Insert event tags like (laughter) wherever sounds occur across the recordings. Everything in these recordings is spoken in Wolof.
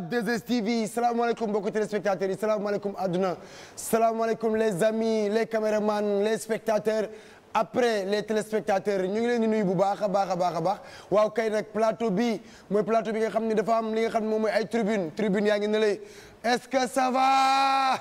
la 2STV salaamaaleykum mbokki téléspectateurs yi salaamaaleykum adduna salaamaaleykum les amis les caméramans les spectateurs après les téléspectateurs ñu ngi leen di nuyu bu baax a baax a baax a baax waaw kay nag plateau bi mooy plateau bi nga xam ne dafa am li nga xam ne moom mooy ay tribune tribune yaa ngi ne lay est-ce que ça va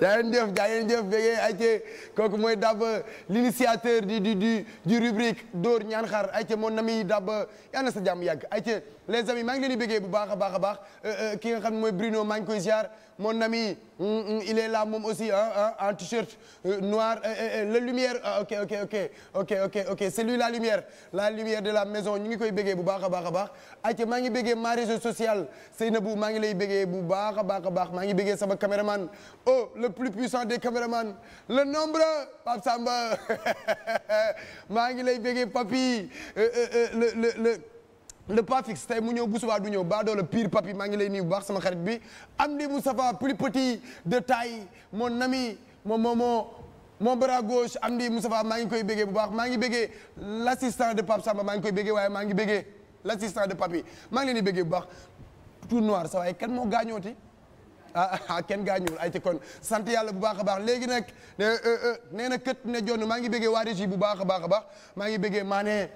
jaa (laughs) ngeen jëf jaa ngeen jëf béggee ayca kooku mooy Daba euh, l'initiateur du di di du rubrique Dóor ñaan xaar xar ayca mon ami Daba euh, yal na sa jàmm yàgg ayca les amis maa ngi leen béggee bu baax a baax a baax euh, ki nga xam mooy Bruno maa ngi koy ziar. mon ami mm, mm, il est la moom aussi hein, en t-shirt euh, noir euh, euh, la lumière ah, ok ok ok ok ok ok c'est lui la lumière la lumière de la maison ñu ngi koy béggee bu baax a baax a baax ayca maa ngi béggee ma réseau social Seynabou maa ngi lay béggee bu baax a baax a baax maa ngi béggee sama caméraman oh le plus puissant des caméramans le nombre Pape Samba (laughs) maa ngi lay béggee papi le le le pas mu ñëw bu subaa du ñëw ba doo la pire papi maa ngi lay nuyu bu baax sama xarit bi am di Moustapha plus petit de taille mon ami mon momo mon bras gauche am di Moustapha maa ngi koy béggee bu baax maa ngi béggee l' assistant de Pape Samba maa ngi koy béggee waaye maa ngi béggee l' assistant de papi maa ngi leen di béggee bu baax tout noir sa waaye kan moo gaañooti ah, ah, ah kenn gaañuwul ay te kon sant yàlla bu baax a baax léegi nag nee euh, euh, na kët ne jonn maa ngi béggee waa régie bu baax a baax a baax maa ngi béggee maanee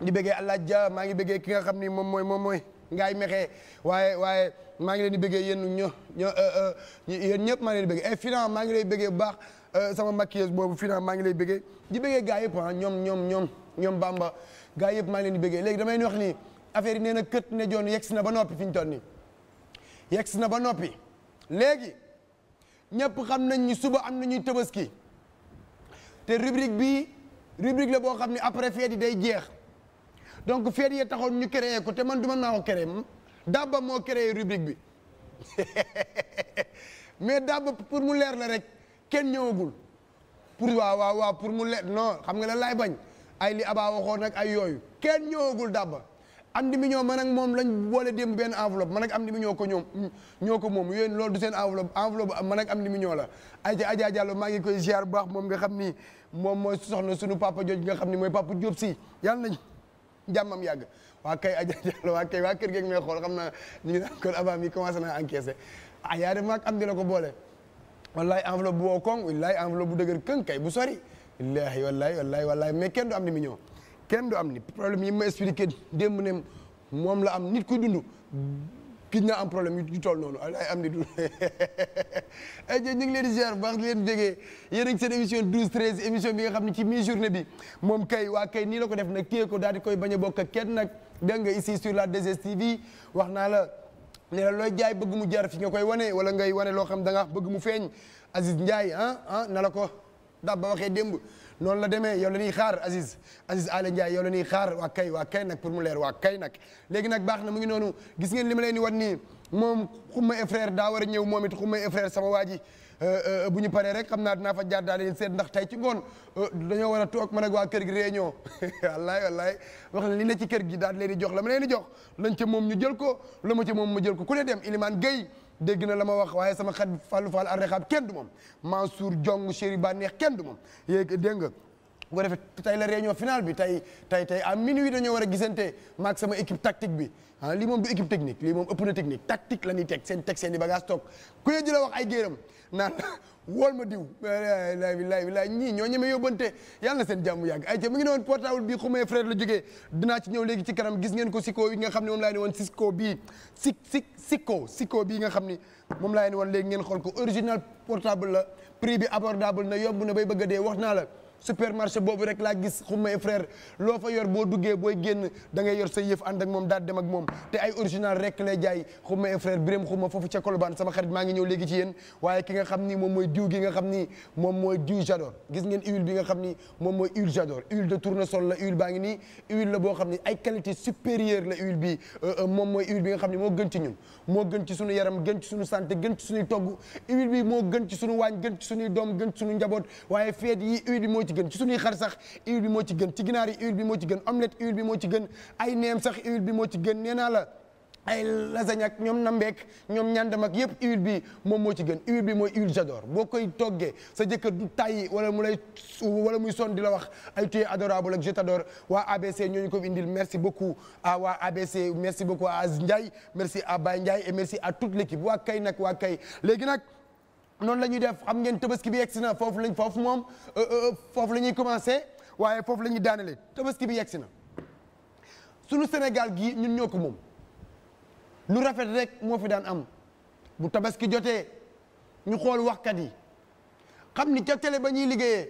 di bëggee allah ja maa ngi bëggee ki nga xam ni moom mooy moom mooy ngaay mexee waaye waaye maa ngi leen di bëggee yéen ño ño euh, euh, yéen ñëpp maa ngi leen di bëggee et maa ngi lay bëggee bu baax euh, sama maquilleuse boobu finalement maa ngi lay bëggee di bëggee gaa yëpp ah ñoom ñoom ñoom ñoom bamba gaa yëpp maa ngi leen di bëggee léegi damay wax ni affaire yi na kët ne joon yegg na ba noppi fi ñu toll si na ba noppi léegi ñëpp xam nañ ni suba am nañuy tabaski te rubrique bi rubrique la boo xam ne après fête yi day jeex donc feet yee taxoon ñu créé ko te man du man maa ko créé Daba moo créé rubrique bi (laughs) mais Daba pour mu leer la rek kenn ñëwagul pour waaw waaw pour mu leer non xam nga la laay bañ ay li Aba waxoon nag ay yooyu kenn ñëwagul Daba am di ma ñoo man ak moom lañ boole démb benn enveloppe man ak am di mi ñoo ko ñoom ñoo ko moom yooyu loolu du seen enveloppe enveloppe man ak am di mi ñoo la aja aja Diallo maa ngi koy ziar bu baax moom nga xam ni moom mooy soxna sunu papa jooju nga xam ni mooy papa Diop si yàlla nañ jàmmam yàgg waa kay a Diallo waa kay waa kër geeg may xool xam naa ñu ngi avant mi commencé na encaissé ah yaa dem ak am di la ko boole wallaay enveloppe bu woo koŋ wallaay enveloppe bu dëgër kën kay bu sori wallaay wallaay wallaay wallaay mais kenn du am ni mi ñëw kenn du am ni problème yi ma expliqué démb ne moom la am nit kuy dund gis am problème yu toll noonu ay am ni du ay (laughs) ñu ngi leen di ziar baax di leen bégee yéen a ngi seen émission 12 13 émission bi nga xam ne ci mi journée bi moom kay waa kay nii la ko def nag téye ko daal di koy bañ a bokk kenn nag dégg nga ici sur la 2STV wax naa la ne la looy jaay bëgg mu jar fi nga koy wane wala ngay wane loo xam danga nga bëgg mu feeñ Aziz Ndiaye ah, ah na la ko da ba waxee démb noonu la demee yow la ñuy xaar Aziz Aziz Alé Ndiaye yow la ñuy waa kay waa kay nag pour mu leer waa kay nag léegi nag baax na mu ngi noonu gis ngeen li ma leen di wan nii moom xuma et frère daa war a ñëw moom it xuma et frère sama waaji ji euh, euh, bu ñu paree rek xam naa dinaa fa jaar daal leen seet ndax tey ci ngoon euh, dañoo war a toog man ak waa kër gi réunion (laughs) wallaay wallaay wax na li ne ci kër gi daal leen di jox la ma leen di jox lañ ca moom ñu jël ko la ma ci moom ma jël ko ku ne dem Ilimane Gueye dégg na la ma wax waaye sama xarit Fallou Fall Arrexab kenn du moom Mansour Diong Chéri Baneex kenn du moom yéeg dégg nga bu ko tey la réunion finale bi tey tey tey à minuit dañoo war a gisante maag sama équipe tactique bi ah lii moom du équipe technique lii moom ëpp na technique tactic la ñuy teg seen teg seen i bagage toog ku la wax ay géeram naan wool ma diw la bilaay bilaay ñii ñoo ñeme yóbbante yàlla na seen jàmm yàgg ay ca mu ngi ne woon portable bi xumee frère la jógee dinaa ci ñëw léegi ci kanam gis ngeen ko sikko yi nga xam ne moom laa ne woon sikko bii sik sik sikko sikko bii nga xam ni moom laa ne woon léegi ngeen xool ko original portable la prix bi abordable na yomb na bay bëgg dee wax naa la supermarché boobu rek laa gis xumay frère loo fa yor boo duggee booy génn da ngay yor sa yëf ànd ak moom daal dem ak moom te ay original rek lay jaay xumay biram xuma foofu ca sama xarit maa ngi ñëw léegi ci yéen waaye ki xam ni moom mooy diw gi nga xam ni moom mooy diw j'adore gis ngeen huile bi nga xam ni moom mooy huile j'adore huile de tournesol la huile baa ngi nii huile la boo xam ni ay bi euh, euh, moom mooy huile bi nga xam ni moo gën ci ñun moo gën ci suñu yaram gën ci suñu santé gën ci suñuy togg huile bi moo gën ci suñu waañ gën ci suñuy doom gën ci suñu njaboot ci gën ci suñuy xar sax huile bi moo ci gën ci ginaar yi bi moo ci gën omelette huile bi moo ci gën ay neem sax huile bi moo ci gën nee naa la ay lasagne ak ñoom nambeek ñoom ñandam ak yëpp huile bi moom moo ci gën huile bi mooy huile j'adore boo koy toggee sa jëkkër du tay wala mu lay wala muy son di la wax ay tuyee adorable ak je t'adore waa ABC ñooñu ko indil merci beaucoup à waa ABC merci beaucoup à Ndiaye merci à Baye Ndiaye e merci a toute l'équipe waa kay nak waa kay léegi nag noonu la ñuy def xam ngeen tabaski bi yegsi na foofu lañ foofu moom euh, euh, euh, foofu la ñuy commencé waaye foofu la ñuy daanale tabaski bi yegsi na sunu Sénégal gi ñun ñoo ko moom lu rafet rek moo fi daan am bu tabaski jotee ñu xool waxkat yi xam ni ca télé ba ñuy liggéeyee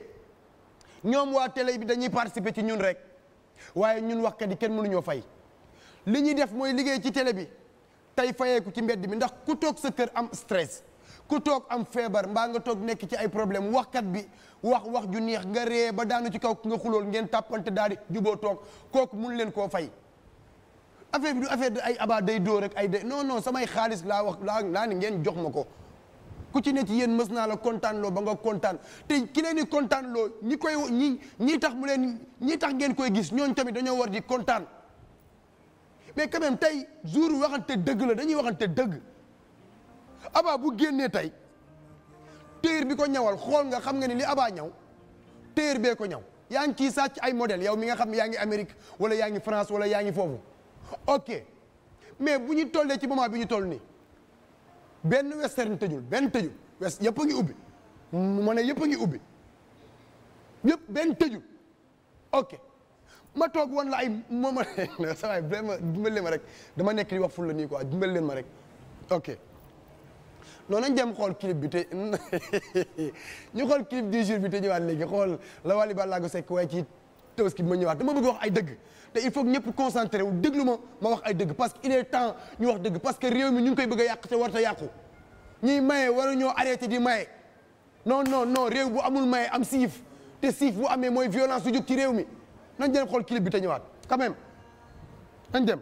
ñoom waa tele bi dañuy participer ci ñun rek waaye ñun waxkat yi kenn mënuñoo fay li ñuy def mooy liggéey ci tele bi tey fayeeku ci mbedd bi ndax ku toog sa kër am stress ku toog am feebar mbaa nga toog nekk ci ay problème waxkat bi wax wax ju neex nga ree ba daanu ci kaw nga xulool ngeen tàppante daal di juboo toog kooku mun leen koo fay affaire bi du affaire de ay aba day dóor rek ay de non non samay xaalis laa wax laa laa ngeen jox ma ko ku ci nekk ci mës naa la kontaan loo ba nga kontaan te ki leen kontaan loo ñi koy ñi ñii tax mu leen ñii tax ngeen koy gis ñooñ tamit dañoo war di kontaan mais quand tey jour waxante dëgg la dañuy waxante dëgg abaa bu génnee tey téer bi ko ñawal xool nga xam nga ni li abaa ñaw téer bee ko ñaw yaa ngi ciy sàcc ay modèle yow mi nga xam ne yaa ngi Amérique wala yaa ngi France wala yaa ngi foofu ok mais bu ñu tollee ci moment bi ñu toll nii benn western tëjul benn tëjul west yëpp a ngi ubbi ma ne yëpp a ngi ubbi yëpp benn tëjul ok ma toog woon la ay moom (laughs) ma ne sa waay vraiment dimbal leen ma rek dama nekk di wax ful la ko quoi dimbal leen ma rek ok non nañ dem xool clip bi te (laughs) ñu xool clip du jour bi te ñëwaat léegi xool la Wally Ballago Seck waaye ci Tabaski bi ma ñëwaat dama bëgg wax ay dëgg te il faut que ñëpp concentré wu déglu ma ma wax ay dëgg parce que il est temps ñu wax dëgg parce que réew mi ñu ngi koy bëgg a yàq te warta yàqu ñuy maye waruñoo arrêté di maye non non non réew bu amul maye am siif te siif bu amee mooy violence su jóg ci réew mi nañ dem xool clip bi te ñëwaat quand même nañ dem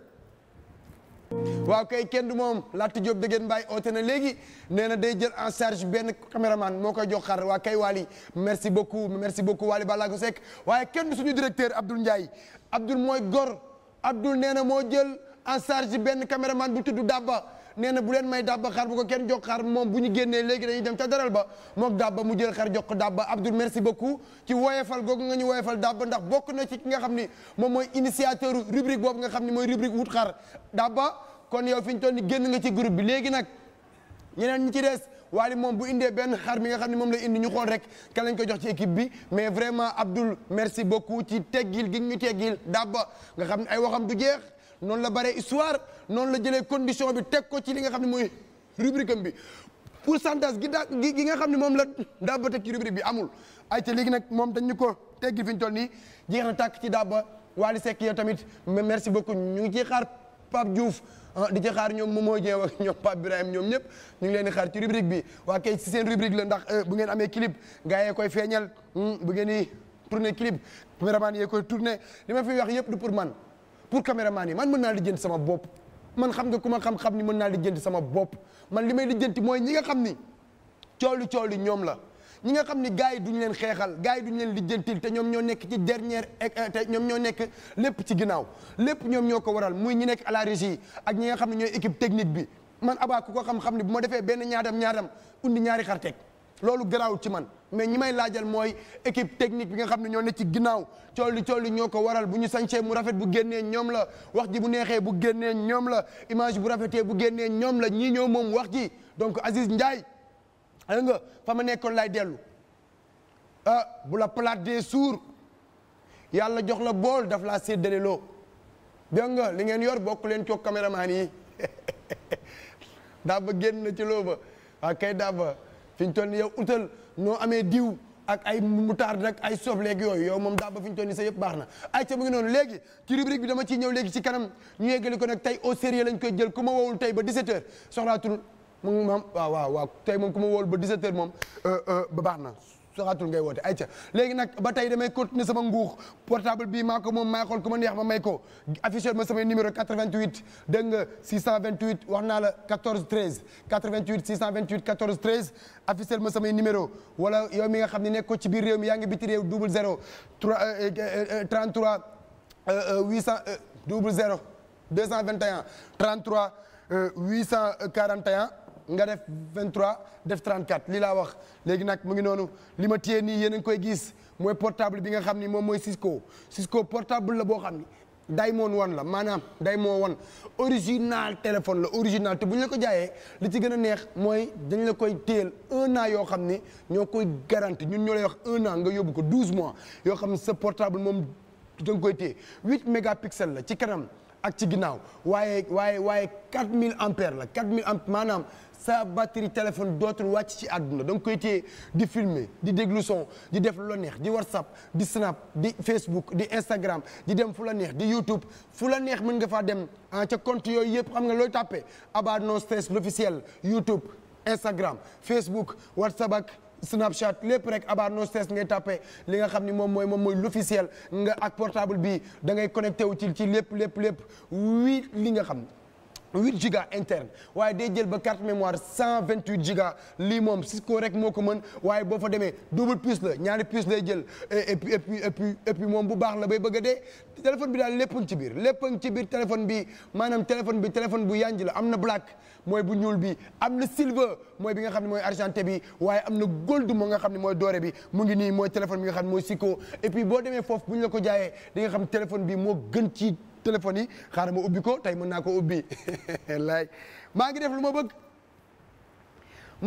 waaw kay kenn du moom Latou Diop dëggeen Mbaye oote na léegi neena day jël en charge benn caméraman moo koy jox waa kay Waly merci beaucoup merci beaucoup Waly Ballago sekk waaye kenn du suñu directeur Abdoul Ndiaye Abdoul mooy gor Abdoul nee na moo jël en charge benn caméraman bu tudd Dabba nee na bu leen may dàbba xar bu ko kenn jox xar moom bu ñu génnee léegi dañuy dem ca daral ba mook dàbba mu jël xar jox ko dàbba Abdoul merci beaucoup ci woyefal googu nga ñu woyefal dàbba ndax bokk na ci ki xam ni moom mooy initiateur rubrique boobu nga xam ni mooy rubrique wut xar dàbba kon yow fi ñu toll ni génn nga ci groupe bi léegi ñeneen ñi ci des waali moom bu indee benn xar mi xam ne moom lay indi ñu xool rek kan lañ ko jox ci équipe bi mais vraiment Abdoul merci beaucoup ci teggil gi ñu teggil dàbba nga xam ne ay waxam du jeex noonu la bare histoire noonu la jëlee condition bi teg ko ci li nga xam ne mooy rubrique am bi pourcentage gi daa gi nga xam ne moom la daa ba teg ci rubrique bi amul ay ca léegi moom dañu ko teg fi ñu toll nii jeex na tàkk ci daa ba Waly Seck yow tamit merci beaucoup ñu ngi ciy xaar Pape Diouf ah, di ci xaar ñoom Momo Dieng ak ñoom Pape Birahim ñoom ñëpp ñu ngi leen di xaar ci rubrique bi waa kay ci seen rubrique la ndax euh, bu ngeen amee clip gars yee koy feeñal hmm, bu ngeen di tourner clip caméraman yee koy tourner li ma fi wax yëpp du pour man pour caméraman yi man mën naa lijjanti sama bopp man xam nga ku ma xam-xam mën naa lijjanti sama bopp man li may lijjanti mooy ñi nga xam ni coolu coolu ñoom la ñi nga xam ni gars yi duñu leen xeexal gars yi duñu leen lijjantil te ñoom ñoo nekk ci dernière e-, e-, te ñoom ñoo nekk lépp ci ginnaaw lépp ñoom ñoo ko waral muy ñi nekk à la régie ak ñi nga xam ne ñooy équipe technique bi man abaa ku ko xam-xam ni bu ma defee benn ñaadam ñaadam undi ñaari xar loolu garaawul ci man mais ñi may laajal mooy équipe technique bi nga xam ne ñoo ne ci ginnaaw colli colli ñoo ko waral bu ñu sañsee mu rafet bu génnee ñoom la wax ji bu neexee bu génnee ñoom la image bu rafetee bu génnee ñoom la ñii ñoo moom wax ji donc Aziz Ndiaye xam nga fa ma nekkoon laay dellu ah bu la plate des sourds yàlla jox la bool daf laa séddale loo dégg nga li ngeen yor bokk leen coog caméraman yi (laughs) daa ba génn na ci loo ba waa ah, kay daa ba fi ñu toll ni yow utal noo amee diw ak ay moutarde ak ay sobleeg yooyu yow moom daa ba fi ñu toll ni sa yëpp baax na ay ca mu ngi noonu léegi ci rubrique bi dama ciy ñëw léegi ci kanam ñu yeggali ko nag tey au sérieux lañ koy jël ku ma wowul tey ba 17h soxlaatul mu moom waaw waaw waaw tey moom ku ma wowul ba 17h moom euh, euh, ba baax na soxaatul ngay woote ayca léegi nag ba tey damay continuer sama nguur portable bii maa ko moom maay ko ku ma neex ma may ko affiché ma samay numéro 88 dégg nga 628 wax naa la 14 13 88 628 14 13 affiché ma samay numéro wala yow mi nga xam ne nekk ko ci biir réew mi yaa ngi biti réew double 0 3 33 800 double 0 221 33 841 nga def 23 def 34 lii laa wax léegi nag mu ngi noonu li ma téye nii yéen a ngi koy gis mooy portable bi nga xam ni moom mooy Cisco Cisco portable la boo xam ni Diamond One la maanaam Diamond One original téléphone la original te bu ñu ko jaayee li ci gën a neex mooy dañ la koy téyel un an yoo xam ne ñoo koy garanti ñun ñoo lay wax un an nga yóbbu ko 12 mois yoo xam ne sa portable moom da nga koy téye 8 mégapixels la ci kanam ak ci ginnaaw waaye waaye waaye 4000 ampères la 4000 ampères maanaam sa batterie téléphone dootul wàcc ci àdduna da nga koy téye di filmer di déglu son di def lu la neex di whatsapp di snap di facebook di instagram di dem fu la neex di youtube fu la neex mën nga faa dem ah ca compte yooyu yëpp xam nga looy tàppee Abba No Stress l'officiel youtube instagram facebook whatsapp ak Snapchat lép rek Abba No Stress ngay tappe li nga xam ni moom mooy moom mooy l'officiel nga ak portable bi dangay ngay connecté wu ci ci lépp lépp lépp li nga xam huit giga interne waaye day jël ba carte mémoire cent vingt huit giga lii moom Cisco rek moo ko mën waaye boo fa demee double puce la ñaari puce lay jël et puis moom bu baax la bay bëgg a dee bi daal lépp ci biir lépp ci biir téléphone bi maanaam téléphone bi téléphone bu yanj la am na black mooy bu ñuul bi am na silver mooy bi nga xam ne mooy argenté bi waaye am na gold moo nga xam ne mooy doré bi mu ngi nii mooy téléphone bi nga xam ne mooy Cisco et puis boo demee foofu bu ñu ko jaayee di nga xam téléphone bi moo gën ci. téléphone yi xaaral ma ubbi ko tey mën naa ko ubbi laay (laughs) maa ngi def lu ma bëgg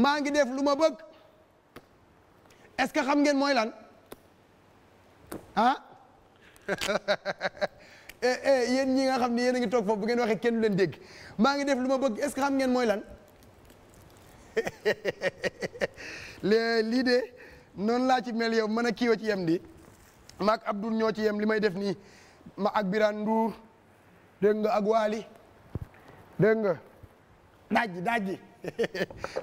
maa ngi def lu ma bëgg est-ce que xam ngeen mooy lan ah (laughs) eh, eh, yéen ñi nga xam ne yéen a ngi toog foofu bu ngeen waxee kenn du leen dégg maa ngi def lu ma bëgg est-ce que xam ngeen mooy lan (laughs) lii de noonu laa ci mel yow mën a kiiwa ci yem di maak Abdoul ñoo ci yem li may def nii ma ak Birane Ndour dégg nga ak waali dégg nga dajji dajji (laughs)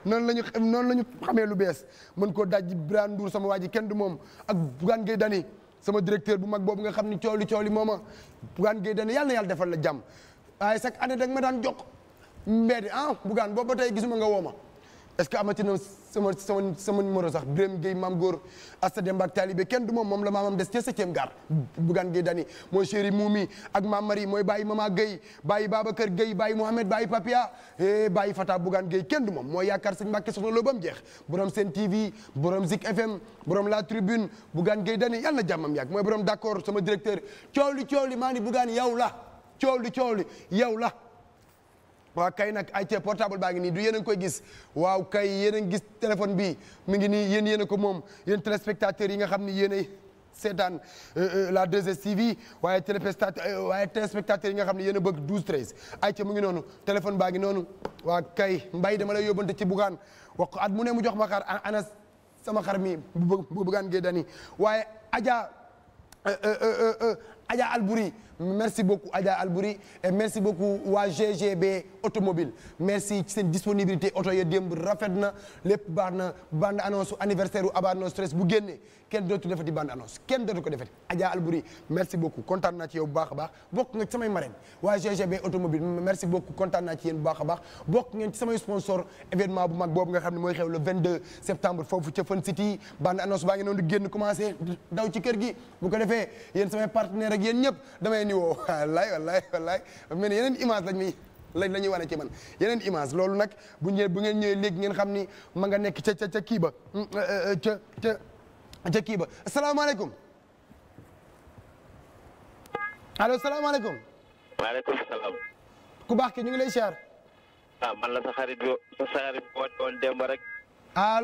noonu lañu noonu la ñu xamee lu bees mën koo dajji Birane Ndour sama waa ji kenn du moom ak Bougane Gueye Dany sama directeur bu mag boobu nga xam ni cooli cooli mooma Bougane Gueye Dany yàlla na yàlla defal la jàmm waaye chaque année da ma daan jox mbedd ah Bougane boobu ba tey gisuma nga woo ma est-ce que amati na sama sama sama numéro sax Birame Gueye maam góor Asta Demba ak Talibé kenn du moom moom la maamam des ca septième gare Bougane Gueye Dany mooy chéri Moumi ak maam Marie mooy Baye Mama Gueye Baye Babacar Gueye Baye Mohamed Baye Papia eh Baye Fata Bougane Gueye kenn du moom mooy yaakaar sëñ Mbàkke soxna loo ba mu jeex borom Sen TV borom Zik FM borom La Tribune Bougane Gueye Dany yàlla na jàmmam yàgg mooy borom d'accord sama directeur coow li coow li maa ni Bougane yow la coow li coow li yow la waaw kay nag ay te portable baa ngi nii du yéen a koy gis waaw kay yéen a ngi gis téléphone bi mi ngi nii yéen yéen a ko moom yéen téléspectateurs yi nga xam ni yéen ay seetaan euh, euh, la 2STV waaye téléspectateur waaye téléspectateur yi nga xam ne yéen a bëgg 12 13 ayca mu ngi noonu téléphone baa ngi noonu waa kay mbay dama lay yóbbante ci bugaan wax at mu ne mu jox ma xar ana sama xar mi bu bugaan gee dani waaye aja euh, aja alburi merci beaucoup Adja Albouri et merci beaucoup waa GGB automobile merci ci seen disponibilité oto ya démb rafet na lépp baax na bande annonce anniversaire u Aba No Stress bu génnee kenn dootu defati bande annonce kenn dootu ko defati Adja Albouri merci beaucoup kontaan naa ci yow bu baax a baax bokk nga ci samay marraine waa GGB automobile merci beaucoup kontaan naa ci yéen bu baax a baax bokk ngeen ci samay sponsor événement bu mag boobu nga xam ne mooy xew le 22 septembre foofu ca Fun City bande annonce baa ngi noonu partenaire ak ñëpp leen di woo (laughs) wallaay wallaay yeneen image lañ muy lañ la ñuy wane ci man yeneen image loolu nag bu ñëwee bu ngeen ñëwee léegi ngeen xam ni ma nga nekk ca ca ca kii ba mm, eh, eh, eh, ca ca ca kii ba allo baax ki ñu ngi lay siyaar. ah man la sa xarit ah,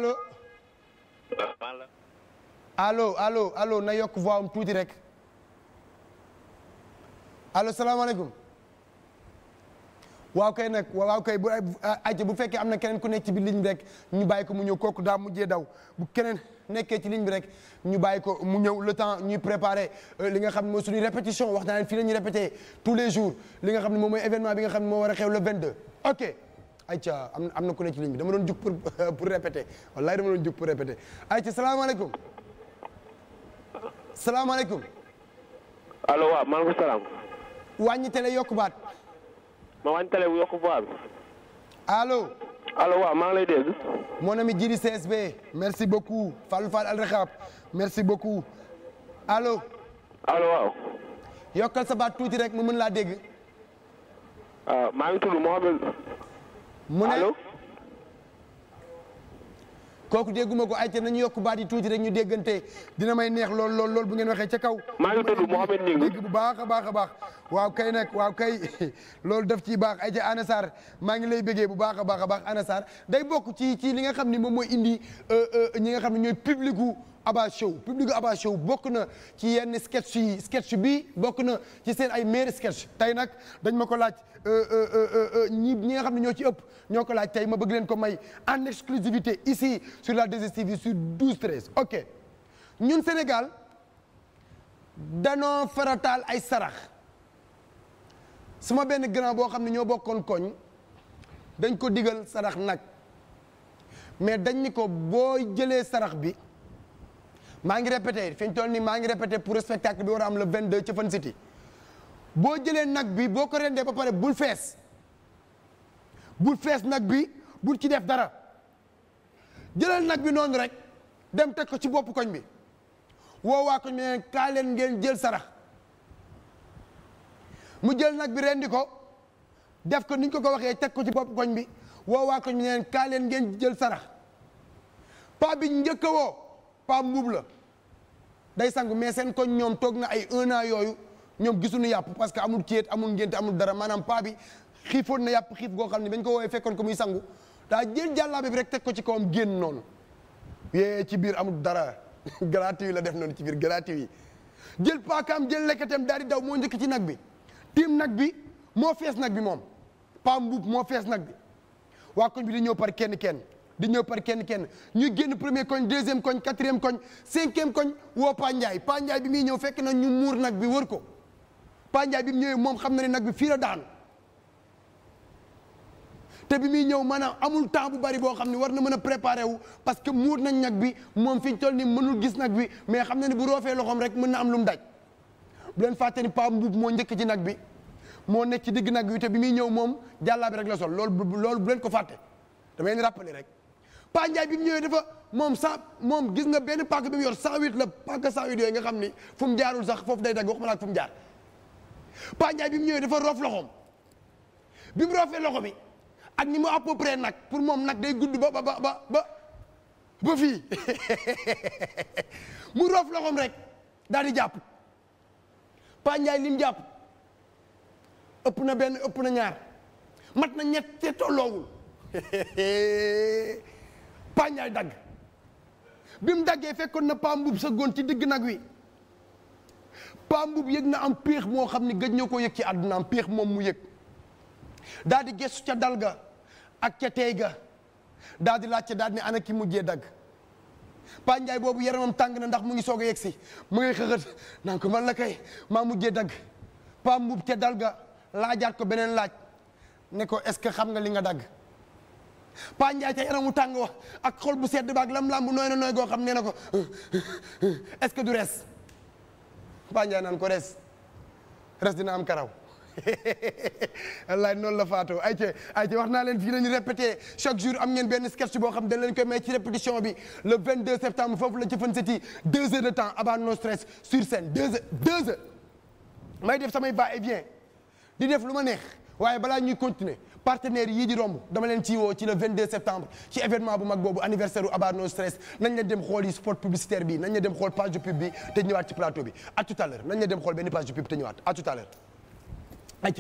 allo. allo allo na yokk voix am tuuti rek. allo salaamaaleykum waaw kay nag waaw kay bu ayca bu fekkee am na keneen ku nekk ci biir ligne bi rek ñu bàyyi ko mu ñëw kooku mu jee daw bu keneen nekkee ci ligne bi rek ñu bàyyi ko mu ñëw le temps ñuy préparer euh, li nga xam ne mooy suñuy répétition wax naa leen fii la ñuy répété tous les jours li nga xam ne moom mooy événement bi nga xam ne moo war a xew le 22. ok ayca am am na ku nekk ci ligne bi dama doon jug pour (laughs) pour répéter wallahi dama doon jug pour répéter ayca salaamaaleykum. salaamaaleykum. allo wàññi télé yokku baat. ma wàññi télé yokku baat. allo. allo waaw maa ngi lay dégg. mon ami Djily CSB merci beaucoup Fallou Fall Al Rakhab merci beaucoup allo. allo waaw. yokkal sa baat tuuti rek mu mën laa dégg. Ah, maa ngi tudd Mohamed. mu ne kooku dégguma ko ayca nañu yokk baat yi tuuti rek ñu déggante dina may neex lool lool lool bu ngeen waxee ca kaw maa ngi tudd Mouhamed Ngingue dégg bu baax a baax a baax waaw kay nag waaw kay (laughs) loolu daf ci baax ayca Ana Sarr maa ngi lay béggee bu baax a baax a baax anasar day bok ci ci li nga xam ni moom mooy indi euh, euh, ñi nga xam ne ñooy public Abba Show public Abba Show bokk na ci yenn sketch yi sketch bi bokk na ci seen ay meilleurs sketch tey nag dañ ma ko laaj euh, euh, euh, ñi ñi nga xam ne ñoo ci ëpp ñoo ko laaj tey ma bëgg leen ko may en exclusivité ici sur la 2STV sur 12 13 ok ñun Sénégal danoo farataal ay sarax suma benn grand boo xam ne ñoo bokkoon koñ dañ ko digal sarax nag mais dañ ko boo jëlee sarax bi maa ngi répété fi ñu maa ngi répété pour spectacle bi war a am le 22 ci Fan boo jëlee nag bi boo ko rendee ba pare bul fees bul fees nag bi bul ci def dara jëlal nag bi noonu rek dem teg ko ci bopp koñ bi woo waa koñ bi neen kaa leen ngeen jël sarax mu jël nag bi rendi ko def ko ni ko ko waxee teg ko ci bopp koñ bi woo waa koñ neen kaa ngeen jël sarax pa bi njëkk a woo Pape Mboup la day sangu mais seen koñ ñoom toog na ay un yooyu ñoom gisuñu yàpp parce que amul ceet amul ngénte amul dara maanaam paa bi xiifoon na yàpp xiif goo xam ne bañ ko woowee fekkoon ko muy sangu daa jël jàllaabe bi rek teg ko ci kawam génn noonu yee ci biir amul dara (laughs) gratuit la def noonu ci biir gratuit jël paakaam jël lekkatam daal di daw moo njëkk ci nag bi tiim nag bi moo fees nag bi moom Pape Mboup moo fees nag bi waa koñ bi di ñëw par kenn kenn di ñëw par kenn kenn ñu génn premier koñ deuxième koñ quatrième koñ cinquième koñ woo Panjaay Panjaay bi muy ñëw fekk na ñu muur nag bi war ko Panjaay bi mu ñëwee moom xam na ne nag bi fii la daanu te bi muy ñëw maanaam amul temps bu bari boo xam ne war na mën a préparer wu parce que muur nañ nag bi moom fi ñu toll nii mënul gis nag bi mais xam na ne bu roofee loxoom rek mën na am lu mu daj bu leen fàtte ni Pape moo njëkk ci nag bi moo nekk ci nag bi te bi muy ñëw moom jàllaa rek la sol loolu loolu bu leen ko fàtte damay leen rappeler rek. Pa Ndiaye bi mu ñëwee dafa moom cent moom gis nga benn paak bi mu yor cent huit la paak cent huit yooyu nga xam ni fu jaarul sax foofu day dagg waxuma la ak fu jaar Pa Ndiaye bi mu ñëwee dafa rof loxoom bi mu rofee loxo bi ak ni mu à peu près nag pour moom nag day gudd ba ba ba ba ba fii (laughs) mu rof loxoom rek daal di jàpp Pa Ndiaye li jàpp ëpp na benn ëpp na ñaar mat na ñett te tolloowul (laughs) pàññaay dagg bi mu daggee fekkoon na paa mbub sa goon ci digg nag wi paa mbub yëg na am péex moo xam ne gëj na ko yëg ci àdduna am péex moom mu yëg daal di gestu ca dal ga ak ca tey ga daal di laaj ca daal di ne ana ki mujjee dagg Paa Njaay boobu yaramam tàng na ndax mu ngi soog a yegsi mu ngi xëxët naan ko man la kay maa mujjee dagg paa mbub ca dal ga laajaat ko beneen laaj ne ko est-ce que xam nga li nga dagg Paa Ndiaye ca yaramu ak xol bu sedd baag lam lam bu nooy na nooy goo xam nee na ko est-ce que du res Paa naan ko res res dina am karaw (laughs) wallaay noonu la faatoo ay ayca ayca wax naa leen fii la ñu répété chaque jour am ngeen benn sketch boo xam dañ leen koy may ci répétition bi le 22 septembre foofu la ci fan seti deux heures de temps avant no stress sur scène deux heures may def samay ba et vient di def lu ma neex waaye balaa ñuy continuer partenaires yii di romb dama leen ci woo ci le 22 septembre ci événement bu mag boobu anniversaire u Abar No Stress nañ la dem xool yi publicitaire bi nañ la dem xool page de pub bi te ñëwaat ci plateau bi à tout à l'heure nañ la dem xool benn page de pub te ñëwaat à tout à l'heure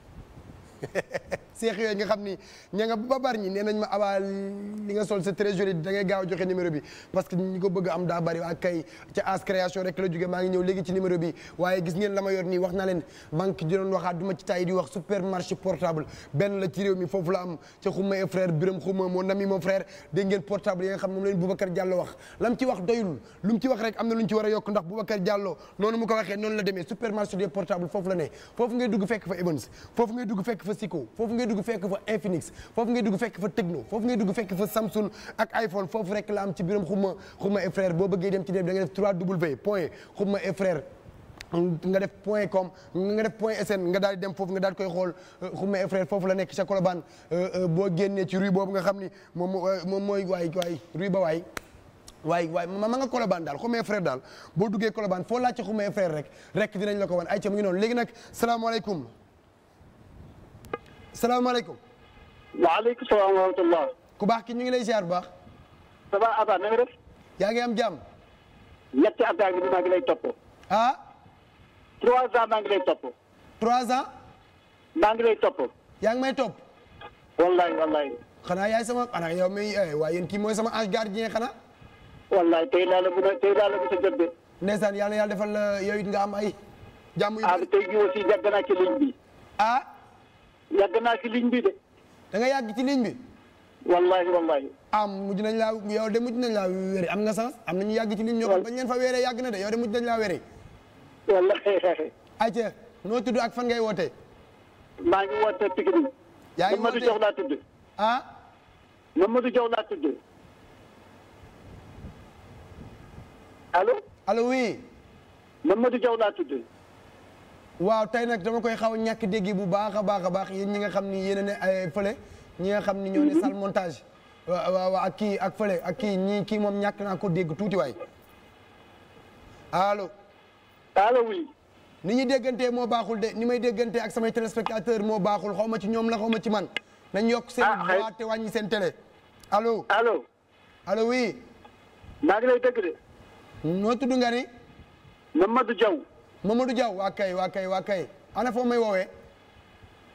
(laughs) seex yooyu nga xam ni ña ba bari ñi nee nañ sol sa trésorier da ngay gaaw numéro bi parce que ñi ko bëgg am daa bari waa kay ca as création rek la jóge maa ngi ñëw léegi ci numéro bi waaye gis ngeen la ma yor wax na leen banque di doon waxaat wax supermarché portable benn la ci réew mi foofu la am ca xuma et frère biram xuma moo nami mon frère dégg portable yi nga xam na lu ñu a yokk ndax Boubacar Diallo noonu mu ko noonu la demee supermarché dugg fekk fa Infinix foofu ngay dugg fekk fa Tecno foofu ngay dugg fekk fa Samsung ak iPhone foofu rek la am ci biiram xuma xuma et frère boo bëggee dem ci dem nga def 3W point nga def point com nga def point sn nga daal di dem foofu nga daal di koy xool xuma euh, et frère foofu la nekk ca Colobane euh, euh, boo génnee ci rue boobu nga xam ni moom moom mooy waay waay rue ba waay waay waay ma nga kolobaan daal xumee frère daal boo duggee kolobaan foo laajte xumee frère rek rek dinañ la ko wan ay ca mu ngi noonu léegi nag salaamaaleykum salaamaaleykum. waaleykum salaam wa rahmatulah. ku baax ki ñu ngi lay ziar bu baax. ça va yaa ngi am jàmm. ñetti at yaa ngi maa ngi lay topp. ah. trois ans maa ngi lay topp. trois ans. maa ngi lay topp. yaa ngi may topp. wallaay wallaay. xanaa yaay sama xanaa yow mi eh, waaye yéen kii mooy sama ange gardien xanaa. wallaay tey daal la ne tey daal la bu sa jot de. ndeysaan yàlla yàlla defal la yow it nga am ay. jàmm yu ah, bëri ah tey jii aussi jàgg naa ci ligne bi. Ah? yàgg naa ci ligne bi de. da nga yàgg ci ligne bi. wallahi wallahi am ah, mujj nañ laa yow de mujj nañ laa wéré am nga sax am ñu yàgg ci ligne ñoo bañ leen fa wéré yàgg na de yow de mujj nañ laa wéré. wallahi. ayca (laughs) noo tudd ak fan ngay wootee. maa ngi wootee Pikine. yaa ngi wootee Mamadou Diaw laa tudd. ah. Mamadou Diaw laa tudd. allo. allo oui. Mamadou waaw tey nag dama koy xaw a ñàkk dégg bu baax a baax a baax yéen ñi nga xam ni yéen a ne ay eh, fële ñi nga xam ni mm-hmm. montage waaw ak kii ak fële ak kii ñii kii moom ñàkk naa ko dégg tuuti waay allo. allo oui. ni ñuy déggantee moo baaxul de ni may déggantee ak samay téléspectateur moo baaxul xaw ma ci ñoom la xaw ma ci man nañ yokk seen voix ah, te wàññi seen télé allo allo allo oui maa ngi lay dégg de noo tudd nga ni Mamadou Diaw Mamadou Diaw waa kay waa kay waa kay ana foo may woowee.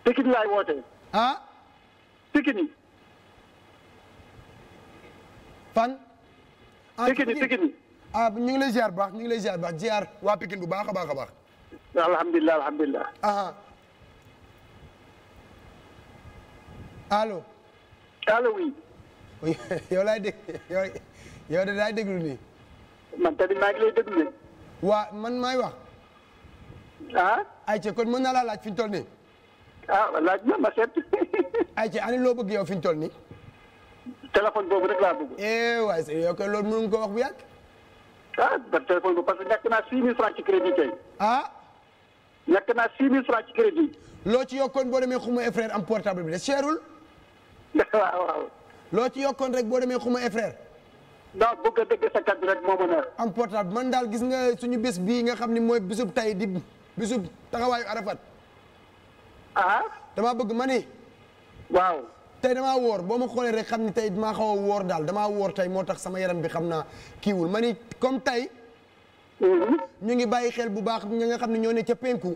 Pikine laay wootee. ah. Pikine. fan. ah Pikine Pikine. ah ñu ngi lay ziar baax ñu ngi lay ziar baax ziar waa Pikine bu baax a baax a baax. alhamdulilah alhamdulilah. ah. ah. allo. allo oui. (laughs) yow laay dégg yow yow de laay déglu nii. man tamit maa ngi wax. ah. ayca kon mën na laa laaj fi ñu ah laaj na ma seet. (laughs) ayca ani loo bëgg yow fi ñu toll nii. téléphone boobu rek laa bëgg. eh waay sa yow kay loolu mënuñ ko wax bu yàgg. ah ba téléphone boobu parce que nekk naa 6 000 francs ci crédit tey. ah. ñàkk naa 6 000 francs ci crédit. loo ci yokkoon boo demee xuma frère am portable bi de seerul (laughs) waaw loo ci yokkoon rek boo demee xuma frère. non bëgg a dégg sa kàddu rek moo ma neex. am man daal gis nga suñu bés bii nga xam ni mooy bésub tay di. bisub taxawaayu Arafat. ah. dama bëgg ma ni. waaw. tey dama woor boo ma xoolee rek xam ni tey damaa xaw a woor daal dama woor tey moo tax sama yaram bi xam naa kiiwul ma ni comme tey. Mhm. ñu ngi bàyyi xel bu baax ñi nga xam ne ñoo ne ca penku.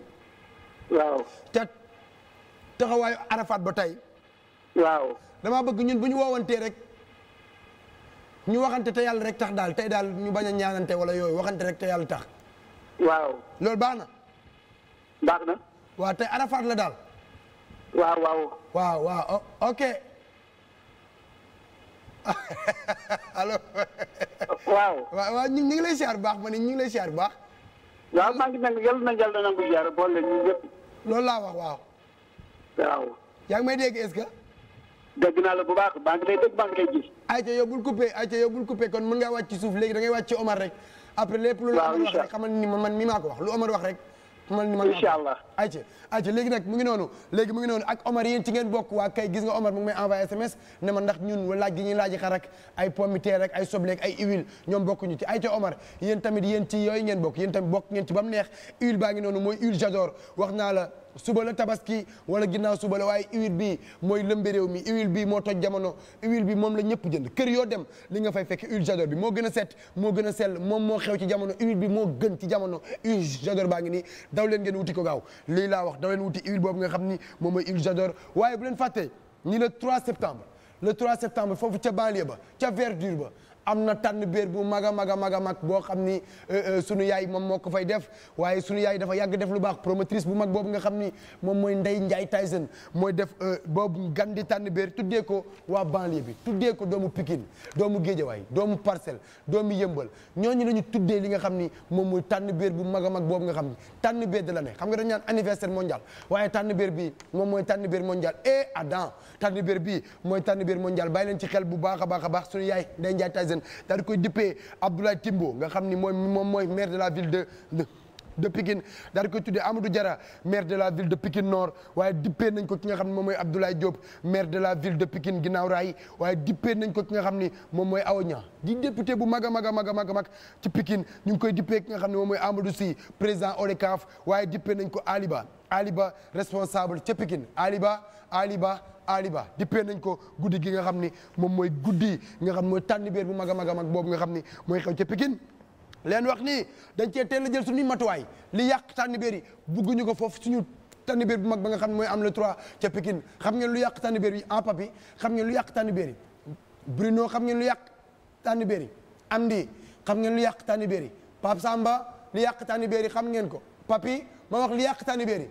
waaw te ba tey. waaw damaa bëgg ñun bu ñu woowantee rek. ñu waxante te yàlla rek tax daal tey daal ñu bañ a ñaanante wala yooyu waxante rek te yàlla tax. waaw loolu baax na. baax na. waaw tey la daal. waaw waaw. waaw waaw ok. (laughs) allo. waaw. waaw waaw ngi lay siyaar baax ma ne ñu ngi lay siyaar baax. waaw maa ngi nangu yàlla na yàlla nangu siyaar boole ñu ñëpp. loolu laa wax waaw. yaa ngi may dégg est-ce que. naa la bu baax maa ngi lay dégg maa ngi lay gis. ayca coupé ayca yow bul coupé kon mën ngaa wàcc ci suuf léegi da ngay wàcc ci Omar rek. après lépp lu la wax rek xamal man mi maa ko wax lu Omar wax rek. incha allah ayca ayca léegi nag mu ngi noonu léegi mu ngi noonu ak Omar yéen ci ngeen bokk waa kay gis nga Omar mu ngi may envoyé SMS ne ma ndax ñun laaj gi ñuy laaji xar ak ay pommitère ak ay soble ak ay huile ñoom bokkuñu ci ayca Omar yéen tamit yéen ci yooyu ngeen bokk yéen tamit bokk ngeen ci ba mu neex huile baa ngi noonu mooy huile j'adore wax naa la suba la tabaski wala ginnaaw suba la waaye huile bi mooy lëmbi réew mi huile bi moo toj jamono huile bi moom la ñëpp jënd kër yoo dem li nga fay fekk huile j'adore bi moo gën a set moo gën a sell moom moo xew ci jamono huile bi moo gën ci jamono huile j'adore baa ngi nii daw leen wuti ko gaaw li laa wax daw wuti huile boobu nga xam ni moom mooy huile j'adore waaye bu leen fàttee ni le 3 septembre le 3 septembre foofu ca banlieue ba ca verdure ba am na tànn beer bu mag a mag a mag a mag boo xam ni euh, euh, sunu yaay moom moo ko fay def waaye sunu yaay dafa yàgg def lu baax promotrice bu mag boobu nga xam ni moom mooy Ndeye njaay Tyson mooy def euh, boobu gan di tànn béer tuddee ko waa banlieue bi tuddee ko doomu Pikine doomu Géejawaay doomu Parcelles doomu Yëmbal ñooñu la ñu tuddee li nga xam ni moom mooy tànn béer bu mag a mag boobu nga xam ni tànn béer de l'année xam nga dañ naan anniversaire mondial waaye tànn béer bi moom mooy tànn béer mondial et eh, Adam bi mooy tànn béer mondial bàyyi leen ci xel bu baax baax baax sunu yaay Ndeye Ndiaye Tyson Sène daal di koy dippee Timbo nga xam ni mooy moom mooy maire de la ville de de de Pikine daal di koy tuddee Amadou maire de la ville de Pikine Nord waaye dippee nañ ko ki nga xam ne moom mooy Abdoulaye Diop maire de la ville de Pikine ginnaaw raay waaye dippee nañ ko ki nga xam ni moom mooy Awa Niang di député bu mag a mag a mag a mag ci Pikine ñu ngi koy dippee ki nga xam ne moom mooy Amadou Sy président ODCAV waaye dippee nañ ko Aliba Aliba responsable ca Pikine Aliba Aliba Aliba dippee nañ ko guddi gi nga xam ni moom mooy guddi nga xam mooy tànnibéer bu mag a mag a mag boobu nga xam ni mooy xew ca Pikine leen wax nii dañ cee teel a jël suñuy matuwaay li yàq tànnibéer yi bugguñu ko foofu suñu tànnibéer bu mag ba nga xam ne mooy am le 3 ca Pikine xam ngeen lu yàq tànnibéer yi en papi xam ngeen lu yàq tànnibéer yi Bruno xam ngeen lu yàq tànnibéer yi Amdi xam ngeen lu yàq tànnibéer yi Pape Samba li yàq tànnibéer yi xam ngeen ko papi ma wax li yàq tànnibéer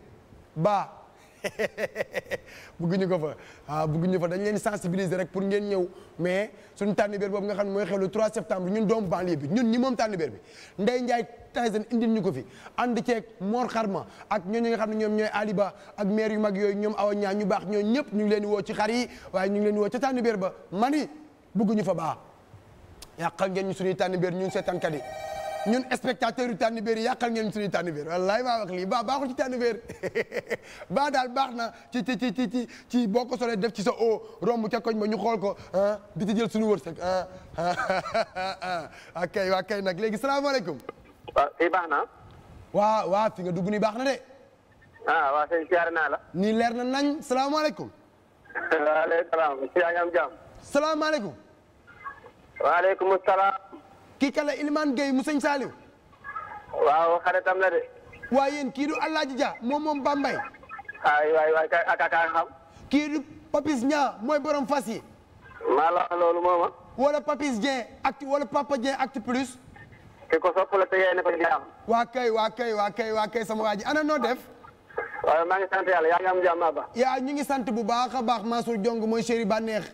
ba (laughs) bëgguñu ko fa waaw ah, bëgguñu fa dañ leen sensibiliser rek pour ngeen ñëw mais suñu tànnibéer boobu nga xam ne mooy xew le 3 septembre ñun doomu banlieue bi ñun ñi moom tànnibéer bi Ndeye Ndiaye Tyson indil ñu ko fi ànd ceeg Mor Xarma ak ñooñu nga xam ne ñoom ñooy Aliba ak maire yu mag yooyu ñoom awa ñaa ñu baax ñoo ñëpp ñu ngi leen di woo ci xar yi waaye ñu ngi leen di woo ca tànnibéer ba mani bëgguñu fa baax yàqal ngeen ñu suñuy tànnibéer ñun seetaankat yi ñun spectateur yu Tànnibéer yi yàqal ngeen suñu Tànnibéer wallaay maa wax lii ba baaxul ci Tànnibéer (laughs) ba daal baax na ci ci ci ci ci ci boo ko solee def ci sa o romb ca koñ ba ñu xool ko ah di ci jël suñu wërsëg ah ah (laughs) kay waa kay nag léegi salaamaaleykum. waaw fii baax na. waaw waaw fi nga dugg nii baax na de. ah waaw sëñ siyaare naa la. nii leer na nañ salaamaaleykum. (laughs) waaleykum salaam. salaamaaleykum. waaleykum salaam. kii kala Ilimane Gueye mu sëñ Saaliw waaw xaritam la de waaye yéen kii du Alaaji Dia moom moom Bambay ay waay waay ka ak aka xam kii du Papis Ñaa mooy borom fas yi maa la loolu mooma wala Papis Dieng acti wala Papa Dieng acti plus ki ko sopp la te yéene jaam waa kay waa kay waa kay waa kay sama waa ji ana noo def waaw maa ngi sant yàlla yaa ngi am jàmm ba yaa ñu ngi sant bu baax a baax Mansour Diong mooy chéri bànneex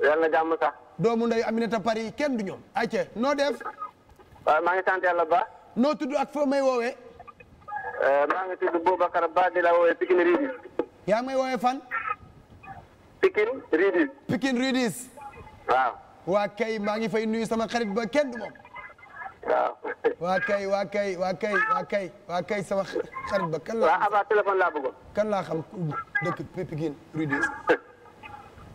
yàlla na jàmm sax doomu nday Aminata Paris kenn du ñoom ayca noo def. waaw maa ngi sant yàlla ba. noo tudd ak foo may woowee. Eh, maa ngi tudd Boubacar Ba di la woowee Pikine Ridis. yaa may woowee fan. Pikine Ridis. Pikine Ridis. waaw. waa kay maa ngi fay nuyu sama xarit ba kenn du moom. waaw. waa kay waa kay waa kay waa kay waa kay sama xarit ba kan laa. waaw abaa laa bëggoon. kan laa xam dëkk Pikine Ridis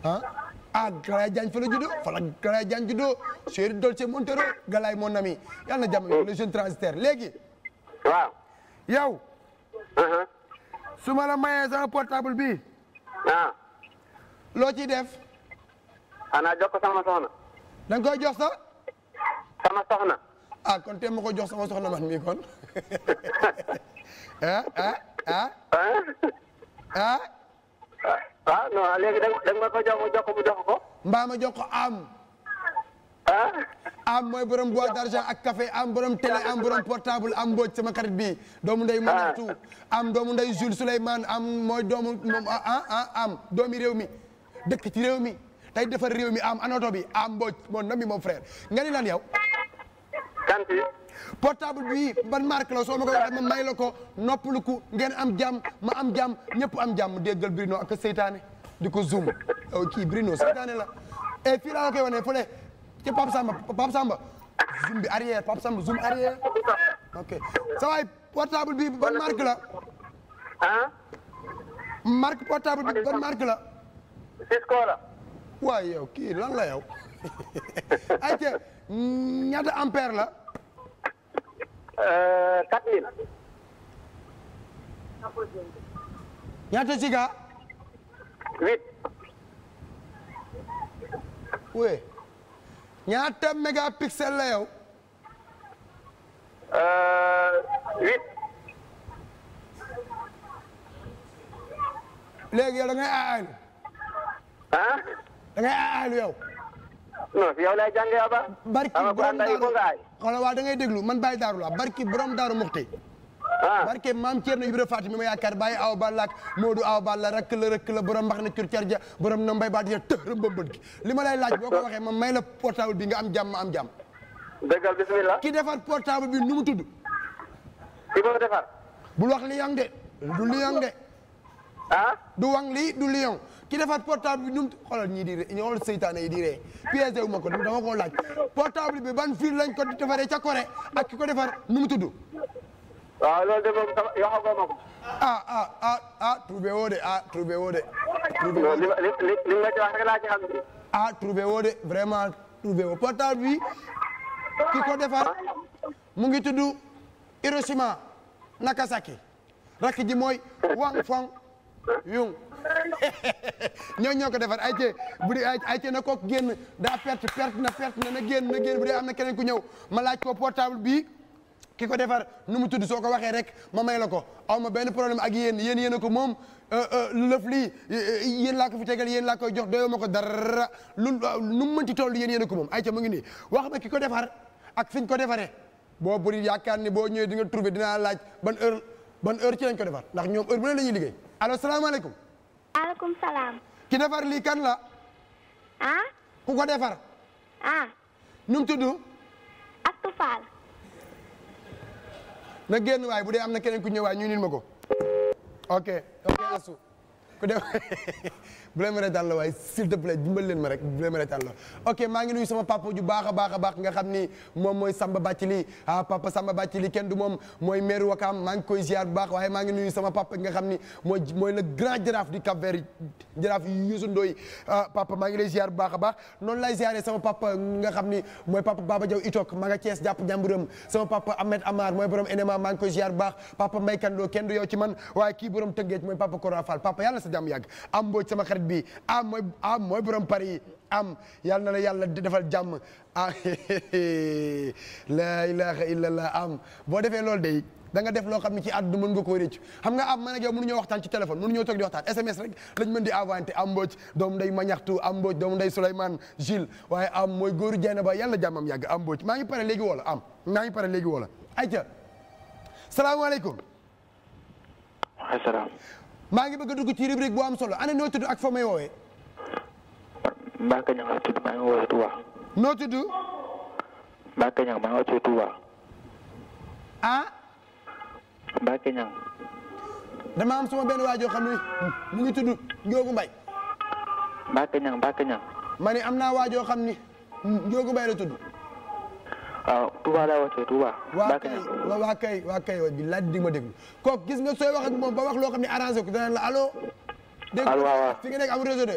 ah. (laughs) a ah, Galaye Diagne fa la juddoo fa la Galaye Diagne juddoo Chéri Dolce Montero Galaye mon ami yàlla na jàmm mm. le jeune transitaire léegi. waaw. yow. Mm-hmm. su ma la mayee sama portable bi ah. loo ciy def. xanaa jox ko sama soxna. da nga jox sa. sama soxna. ah kon te ma ko jox sama soxna man mii kon. (laughs) ah ah ah. ah. ah. ah non léegi da nga ma ko jox ma jox ko mu jox ko. mbaa ma jox ko am. ah. am mooy borom boîte d'argent ak café am borom télé am borom portable am mbooj sama xarit bi doomu ndey Manatu ah. am doomu ndey Jules Souleymane am mooy doomu moom ah, ah ah am doomi réew mi dëkk ci réew mi tey defar réew mi am anoto bi am mbooj moom nami moom frère nga lan yow. kanti portable bi ban marque la soo ma ko may la ko noppaliku ngeen am jàmm ma am jàmm ñëpp am jàmm déggal Bruno ak seytaane di ko zoom oh, kii Bruno seytaane la et eh, fii laa la koy wane fële ci Pape Samba Pape Samba zoom bi arrière Samba zoom arrière ok sa waay portable bi ban marque la ah marque portable bi la Cisco la waaw yow kii la (laughs) Euh, quatre mille. ñaata siga. huit. oui. ñaata mégapixel la yow. Euh, huit. léegi yow da ngay aalu. ah. da ngay aalu yow. non yow lay jàngee ba. barki bu xoolal waaw da ngay déglu man Baye Darou la barki borom Darou Muxti. ah barke maam Thierno Ibra Faty mi ma yaakaar Baye Awa Balla ak Modou Awa Balla la rakk la borom mbax na cur carja borom na mbay baat ya tëxër mbëmbët gi ma lay laaj boo ko waxee ma may la portable bi nga am jàmm am jàmm. dëggal bismillah. ki defar portable bi nu mu tudd. ki ko defar. bul wax lion de du lion de. ah. du wang lii du lion. ki defaat portable bi nu mu ñii di ree ñu xool yi di ree piégé wu ma ko dama koo laaj bi ban fil lañ ko defaree ca Corée ak ki ko defar nu mu tudd. waaw loolu de moom ah, ah, ah, tax yoo laa ci xam. ah trouvé vraiment trouvé woo portable bi ki ko defar mu ngi tudd Hiroshima Nakasaki rakk Wang Fong Yung. (laughs) ñoo ñoo ko defar ay cee bu dee ay cee na kooku génn daa perte perte na perte na na génn na génn bu dee am na keneen ku ñëw ma laaj ko portable bi ki ko defar nu mu tudd soo ko waxee rek ma may la ko aw ma benn problème ak yéen yéen yéen a ko moom lu euh, euh, lëf lii yéen laa ko fi tegal yéen laa koy jox doyoo ma ko dara lu nu mu mënti toll yéen yéen a ko moom ay ca mu ngi nii ma ki ko defar ak fi ñu ko defaree boo bëri yaakaar ni boo ñëwee di nga trouvé dinaa laaj ban heure ban heure ci lañ ko defar ndax ñoom heure bu ne la ñuy liggéey maaleykum salaam. ki defar lii kan la. ah. ku ko defar. ah. nu mu tudd. Astou Fall. na génn waay bu dee am na keneen ku ñëw waay ñu nit ko. ok ok Astou ku def (laughs) bu leen ma reetaan la waaye s'il te plaît dimbal leen ma ok maa ngi nuyu sama papa ju a a baax nga xam ni moom mooy Samba Bathily ah moom mooy maire Wakaam maa ngi koy ziar bu baax waaye maa ngi nuyu sama papa nga xam ni mooy mooy le grand jaraaf du Cap Vert jaraaf Youssou Ndoye ah, papa maa ngi lay ziar bu baax baax noonu lay ziaree sama papa nga xam ni mooy papa Baba Diaw Itok maa nga Thiès jàpp njàmburam sama papa Ahmed Amar mooy borom NMA maa ngi koy ziar bu baax papa Mbaye Kando kenn du yow waaye kii borom faj bi am mooy am mooy borom pari yi am yàlla na la yàlla defal jàmm ah (laughs) la ilaha illallah am boo defee loolu day da nga def loo xam ne ci àdduna mën nga koo rëcc xam nga am man ak yow mënuñoo waxtaan ci téléphone mënuñoo toog di waxtaan SMS rek lañ mën di avanté am mbooj doomu nday mañaxtu am mbooj doomu nday Souleymane Gilles waaye am mooy góoru jayna ba yàlla jàmmam yàgg am mbooj maa ngi pare léegi woola am maa ngi pare léegi woola ayca salaamaaleykum. waaleykum salaam. maa ngi bëgg a dugg ci rubrique bu am solo ana noo tudd ak fa may woowee. Mbacke Niang laa tudd maa ngi woowee Touba. noo tudd. Mbacke Niang maa ngi woowee Touba. ah. dama am sama benn waajoo xam ne mu ngi tudd Ndiogu Mbaye. Mbacke Niang Mbacke Niang. ma ne am naa waajoo xam ni Ndiogu Mbaye la tudd. waaw Touba laa waa kay waa kay waa kay bi laaj ma déglu kooku gis nga sooy wax ak moom ba wax loo xam ne arrangé ko danañ la allo. allo waaw fi nga nekk amul réseau de.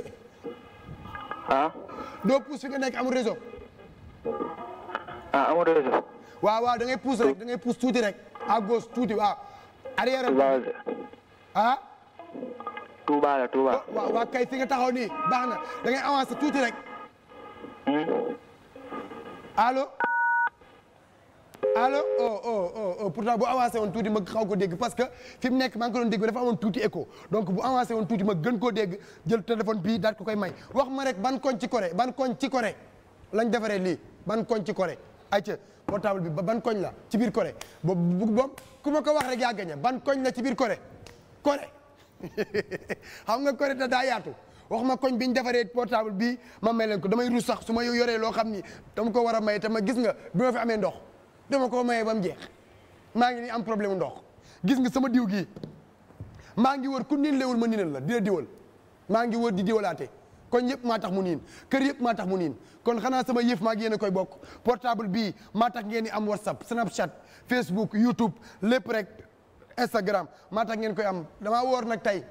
doo pousse fi nga nekk amul réseau. ah amul réseau. waaw waaw da ngay rek da ngay tuuti rek agos tuuti waaw. arrière ah. Touba la Touba. Oh, waaw waa kay fi nga taxaw nii baax na da ngay avancer tuuti rek. Hmm? allo. allo oh, oh oh oh pourtant bu avancé woon tuuti mag xaw ko dégg parce que fi mu nekk maa ko doon dégg dafa amoon tuuti écho donc avancé woon tuuti gën koo dégg jël téléphone bii daal ko koy may wax ma rek ban koñ ci Corée ban koñ ci Corée lañ defaree lii ban koñ ci Corée ayca portable bi ban koñ la ci biir Corée boobu boobu ku ma wax rek yaa ban koñ la ci biir Corée Corée (laughs) xam nga Corée da daa yaatu wax ma koñ bi ñu defaree portable bi ma may leen ko damay rus sax su ma yoree loo xam ni dama ko war a may te ma gis nga bi ma fi amee ndox. dama koo mayee ba mu jeex maa ngi ni am problème ndox gis nga sama diw gii maa ngi wër ku niin lewul ma niinal la di la diwal maa ngi wër di diwalaate kon yëpp maa tax mu niin kër yëpp maa tax mu niin kon xanaa sama yëf maa ngi a koy bokk portable bi maa tax ngeen di am whatsapp snapchat facebook youtube lépp rek instagram maa tax ngeen koy am dama woor nag tey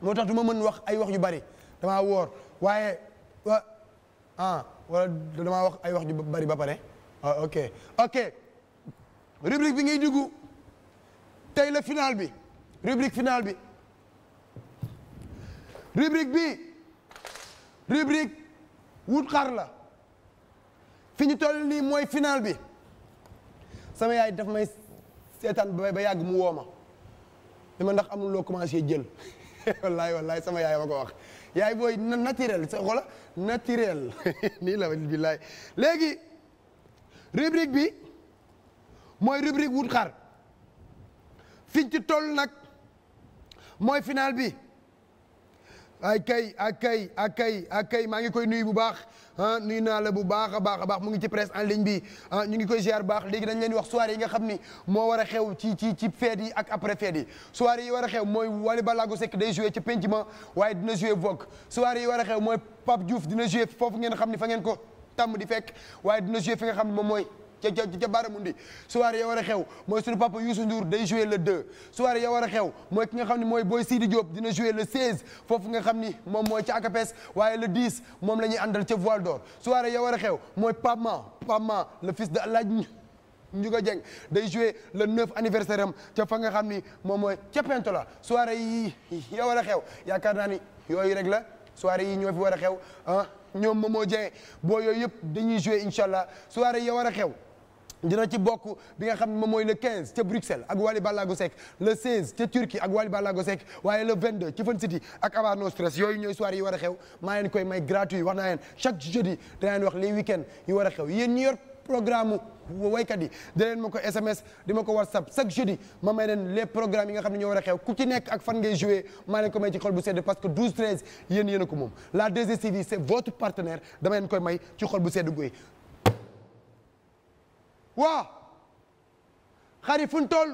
moo tax du ma mën wax ay wax yu bari damaa woor waaye ah wala damaa wax ay wax yu bari ba pare ah, ok ok rubrique bi ngay dugg tey la final bi rubrique final bi rubrique bi rubrique wut xar la fi ñu toll nii mooy final bi sama yaay daf may seetaan ba ba yàgg mu woo ma li ndax amul loo commencé jël (laughs) wallaay wallaay sama yaay ma ko yaay booy naturel sa xola naturel (laughs) nii la billaay léegi rubrique bi mooy rubrique wut xar fiñ ci toll nag mooy final bi ay kay ak kay ak kay ak kay maa ngi koy nuyu bu baax ah nuyu naa la bu baax a baax a baax mu ngi ci presse en ligne bi ah, ñu ngi koy ziar baax léegi dañ leen wax soirée yi nga xam ni moo war a xew ci ci ci fête yi ak après fête yi yi war a xew mooy Wally Ballago sekk day joué ci penc ma waaye dina joué Vogue soirée yi war a xew mooy Pape Diouf dina joué foofu ngeen xam ni fa ngeen ko tàmm di fekk waaye dina joué fi nga xam moom mooy. ca ca ca Baaramundi soirée ya war a xew mooy suñu papa Youssou Ndour day joué le 2 soirée ya war a xew mooy ki nga xam ne mooy Boy Sidi Diop dina joué le 16 foofu nga xam ni moom mooy ca Akapes waaye le 10 moom la ñuy àndal ca Voile d'Or soirée ya war a xew mooy Pama Pama le fils de El Hadj Ndiouga Dieng day joué le 9 anniversaire am ca fa nga xam ni moom mooy ca Pentola soirée yi ya war a xew yaakaar naa ni yooyu rek la soirée yi ñoo fi war a xew ah ñoom Momo Dieng boo yooyu yëpp dañuy joué incha allah soirée ya war a xew. dina ci bokk bi nga xam ne moom mooy le 15 ca Bruxelles ak Wally Ballago Seck le 16 ca Turquie ak Wally Ballago Seck waaye le 22 ci Fun City ak Ava No Stress yooyu ñooy soirée yi war a xew maa leen koy may gratuit wax naa leen chaque wax les week-end yi war a xew yéen ñi yor programme waykat yi di leen ma ko sms di ma ko whatsapp chaque jeudi ma may leen les programmes yi nga xam ne ñoo a xew ku ci nekk ak fan ngay joué maa leen ko may ci xol bu sedd parce que 12 13 yéen yéen a ko moom la 2STV c'est votre partenaire dama leen koy may ci xol bu sedd guy waa xari fun toll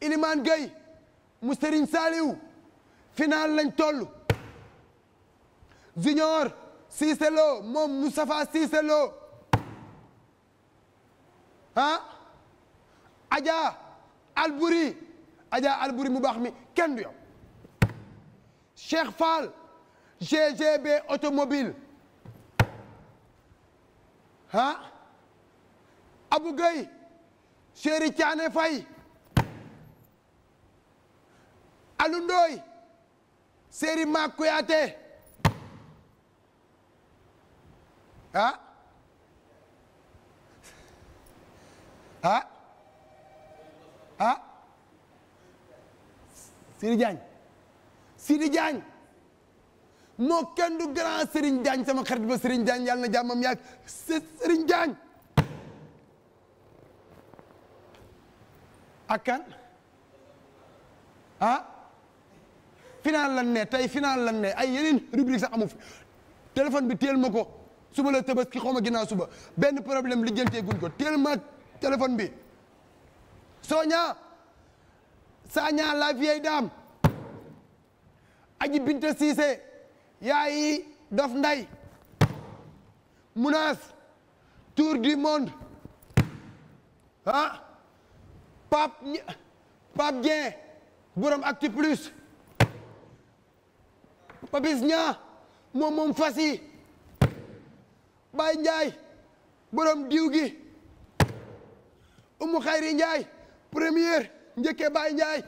Ilimaan Gueye mu Serigne Saliou final lañ toll junior Cissé Lo moom Moustapha Cissé Lo ah Adja mu baax mi kenn du yow Cheikh Fall GGB ah Abu Gueye Chéri Thiané Faye Alou Ndoye Séri Mak Kouyaté ah ah ah Sidi Diagne Sidi Diagne moo kenn du grand Serigne Diagne sama xarit ba Serigne na jàmmam yaag Serigne Diagne ak kan ah final lan ne tey final ay yeneen rubrique sax amu fi bi teel ma ko suba la tabaski xaw ma ginnaaw suba benn problème lijjantee guñ ko teel ma téléphone bi Sonia Sagna la vieille dame Aji Binta Cissé yaayi dof nday menace tour du monde ah Pape Pape Dieng borom Actu Plus Papis Nia moom moom fas yi Baye Ndiaye diw gi Umu Xayri Ndiaye première njëkkee Baye Ndiaye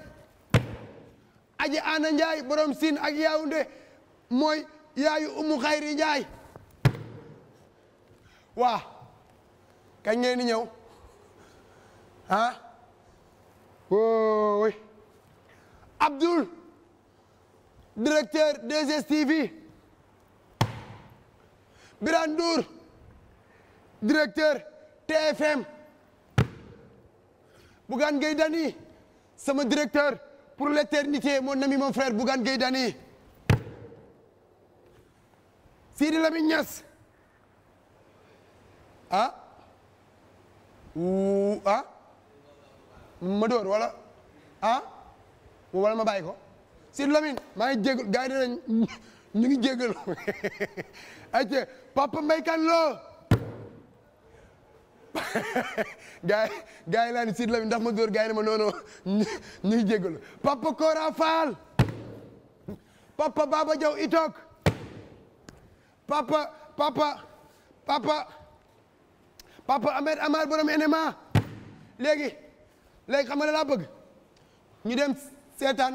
Aji Ana Ndiaye borom sin ak Yaoundé mooy yaayu umu xayri njaay waa kañ ngeen di ñëw ah wooy Abdoul directeur 2STV Birane directeur TFM Bougane Gueye Dany sama directeur pour l'éternité mon ami mon frère Bougane Gueye Sidi Lamine Niass ah wuu ah ma door wala wa ah. wala ma bàyyi ko Sidi Lamine maa ngi jégalu gars yi danañ ñu ngi jégalu (laughs) ayca Papa Mbaye Kane loo (laughs) gars yi gars yi laa ni ndax ma door gars yi ne ma non non ñu ngi jégalu Papa Kora Fall Papa Itok. papa papa papa papa Ahmed Amar borom enema léegi léegi xam nga laa bëgg ñu dem seetaan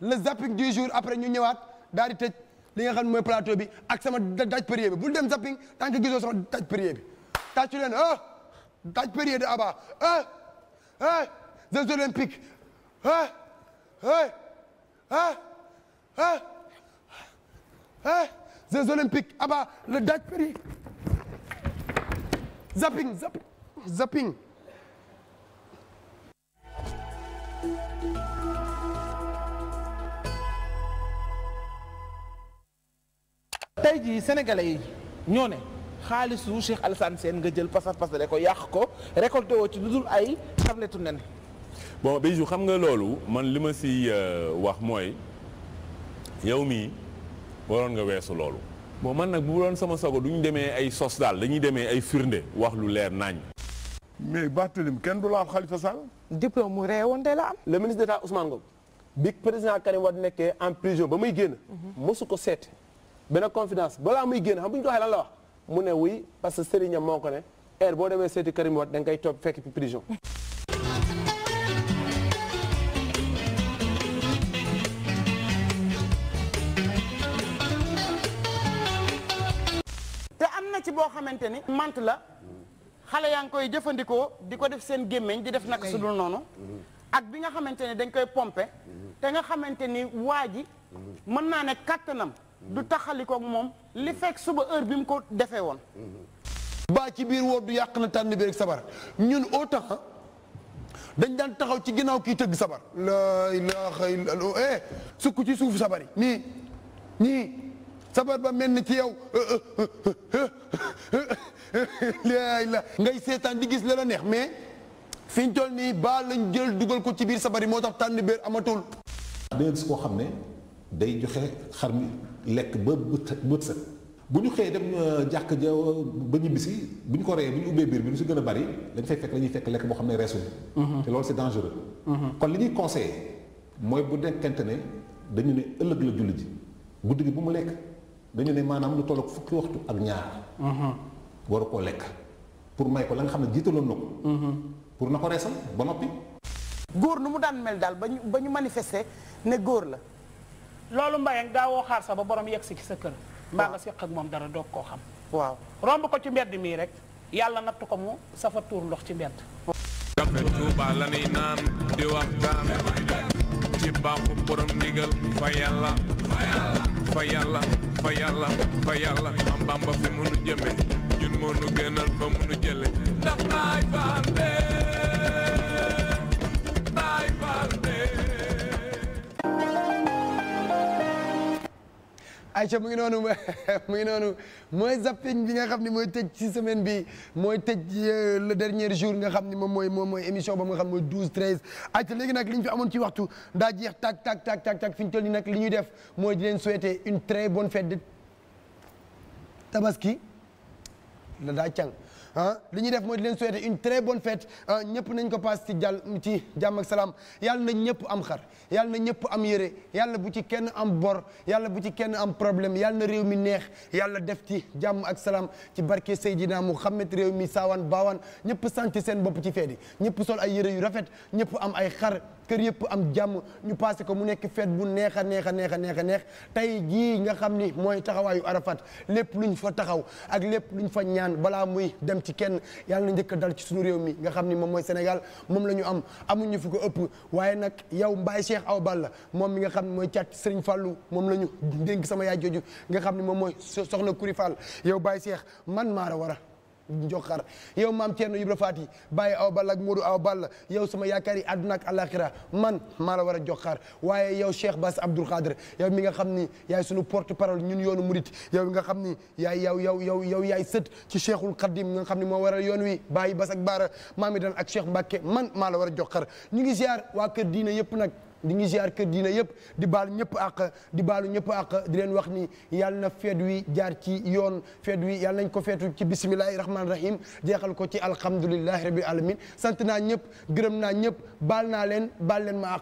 le zapping du jour après ñu ñëwaat daal di tëj li nga xam mooy plateau bi ak sama daj périer bi bul dem zapping tant que gisoo sama daj périer bi tàccu leen ah daj périer de Abba ah ah Jeux olympiques ah, ah! ah! ah! Jeux olympiques Aba ah le daaj péri zapping zapping tey jii sénégalais yi ñoo ne xaalisu Cheikh Alassane Sène nga jël pasar pasare ko yàq ko récolté woo ci lu dul ay tablettu nen bon Bijou xam nga loolu man li ma si euh, wax mooy yow mii waroon nga weesu loolu. bon man nag bu doon sama sago duñu demee ay sos daal dañuy demee ay firnde wax lu leer naañ. mais Barthélémy kenn du la am Khalifa Sall. diplôme mu réewoon de la am. le ministre d'État Ousmane Ngom bi président Karim Wade nekkee en prison ba muy génn. mosu ko seet. benn confidence balaa muy génn xam bu ñu ko waxee la wax mu ne oui parce que Serigne moo ko ne heure boo demee seeti Karim Wade da nga koy fekk prison. na ci boo xamante ni mant la xale yaa ngi koy jëfandikoo di ko def seen gémmiñ di def naka su noonu ak bi nga xamante ne dañ koy pompe te nga xamante ni waa ji mën naa ne kàttanam du kook moom li fekk suba heure bi mu ko defee woon baa ci biir woor du yàq na tànn bi rek sabar ñun au temps dañ daan taxaw ci ginnaaw kii tëgg sabar la ilaha illa eh, sukk ci suuf sabar yi nii nii sabar ba mel na ci yow laay la ngay seetaan di gis la la neex mais fi ñu nii baa lañ jël dugal ko ci biir sabar yi moo tax tànn biir amatul da nga gis koo xam ne day joxe xar mi lekk ba bët sa bu ñu xëyee dem euh, jàkk ja ba ñibbisi bu ñu ko reyee bu ñu ubbee biir bi lu si gën a bari lañ fay fekk la ñuy fekk lekk boo xam ne reesul mhm. te loolu c'est dangereux mhm. kon li ñuy conseillé mooy bu nekkente ne dañu ne ëllëg la julli ji guddi gi bu mu lekk dañu ne maanaam lu tolloog fukki waxtu ak ñaar. Mhm. waru koo lekk pour may ko la nga xam ne jiitaloon na ko. Mhm. pour na ko reesal ba noppi. góor nu mu daan mel daal ba ñu ba ñu manifester ne góor la. loolu mbayang daawoo xaar sax ba borom yegg si ci sa kër. mbaa nga seq ak moom dara doog koo xam. waaw romb ko ci mbedd mii rek yàlla natt ko mu safa tuur ndox ci mbedd. Tuuba la ñuy naan di waxtaan ci baaxu borom ndigal fa yàlla fa yàlla fa yàlla fa yàlla am bamba fi mu nu jëme ñun moo nu gënal fa mu nu jële ndax maay faal Aïcha mu ngi noonu (laughs) mu noonu mooy zapping bi nga xam ni mooy tëj ci semaine bi mooy tëj euh, le dernier jour nga xam ni moom mooy moom mooy émission boobu nga xam ne mooy 12 13 Aïcha léegi nag li ñu fi amoon ci waxtu daa jeex tak tak tak tak tak fi ñu nag li ñuy def mooy di leen souhaiter une très bonne fête de tabaski la daa càng ah li ñuy def mooy leen souhaiter une très bon fête ah, ñëpp nañ ko paas ci jàll ci jàmm ak salaam yàlla na ñëpp am xar yàlla na ñëpp am yére yàlla bu ci kenn am bor yàlla bu ci kenn am problème yàlla na réew mi neex yàlla def ci jàmm ak salaam ci barke Seydina Muhammad réew mi saawaan baawaan ñëpp sant seen bopp ci feedi ñëpp sol ay yére yu rafet ñëpp am ay xar kër yëpp am jàmm ñu passé ko mu nekk fête bu neex a neex neex a neex a neex tey jii nga xam ni mooy taxawaayu Arafat lépp luñ fa taxaw ak lépp luñ fa ñaan balaa muy dem ci kenn yàlla na njëkk dal ci suñu réew mi nga xam ni moom mooy Sénégal moom la ñu am amuñu fu ko ëpp waaye nag yow Mbaye Cheikh Awa Balla moom mi nga xam ne mooy càtt Serigne Fallou moom la ñu dénk sama yaay jooju nga xam ne moom mooy soxna Kuri Fall yow Baye Cheikh man maa a war a njoxar yow maam Thierno Ibra Faty bàyyi aw ball ak Modou aw ball yow sama yaakaar yi àdduna ak man maa la war a joxar waaye yow Cheikh Bass Abdoul Khadre yow mi nga xam ni yaay sunu porte parole ñun yoonu murit yow mi nga xam ni yaay yow yow yow yow yaay sët ci Cheikhul Khadim nga xam ni moo waral yoon wi bàyyi Bass ak Baara maami dan ak Cheikh Mbacke man maa la war a joxar ñu ngi ziar waa kër diine yëpp nag di ngi ziar kër diina yëpp di baal ñëpp àq di baalu ñëpp àq di leen wax ni yàlla na feet wi jaar ci yoon feet wi yàlla nañ ko feetu ci bisimilahi rahmaani rahim jeexal ko ci alhamdulilahi rabil alamin sant naa ñëpp gërëm naa ñëpp baal naa leen baal leen ma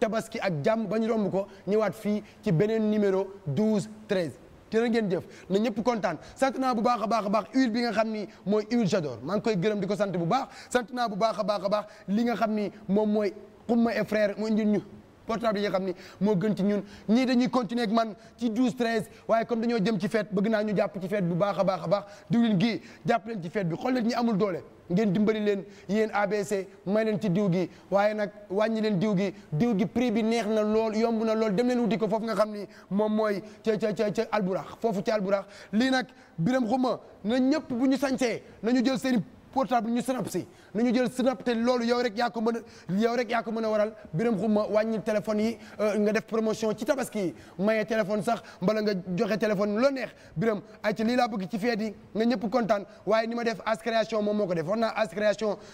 tabaski ak jàmm ba romb ko ñëwaat fii ci beneen numéro 12 13 jërë ngeen jëf na ñëpp kontaan sant naa bu baax a baax a baax huile bi nga xam ni mooy huile j'adore maa ngi koy gërëm di ko sant bu baax sant naa bu baax a baax a baax li nga xam ni moom mooy xumma et frère mu indil ñu portable yi nga xam ni moo gën ci ñun ñii dañuy continuer man ci 12 13 waaye comme dañoo jëm ci fête bëgg naa ñu jàpp ci fête bu baax a baax a baax gi gii jàpp leen ci fet bi xool leen ñi amul doole ngeen dimbali leen yéen ABC may leen ci diw gi waaye nag wàññi leen diw gi diw gi prix bi neex na lool yomb na lool dem leen wuti ko foofu nga xam ni moom mooy ca ca ca ca alburax foofu ci alburax lii nag biram xuma na ñëpp bu ñu sañsee nañu jël seen portable ñu snap si nañu jël snap te loolu yow rek yaa a yow rek yaa a waral biram xuma wàññi téléphone yi euh, nga def promotion ci tabaski yi maye téléphone sax mbala nga joxe téléphone loo neex biram ay ci lii laa bëgg ci feet yi nga ñëpp kontaan waaye ni ma def as création moom moo ko def wax naa as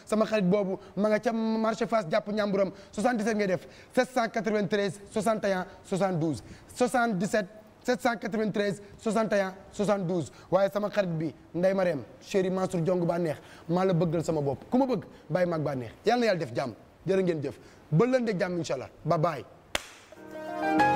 sama xarit boobu ma nga ca marché face jàpp ñàmburam 77 ngay def 793 61 72 77 793 61 72 waaye sama xarit bi Ndeye Marème chéri Mansour Diong bànneex maa la bëggal sama bopp ku ma bëgg bàyyi maag bànneex yàlla na yàlla def jàmm jërë ngeen jëf ba lëndee jàmm incha allah ba bye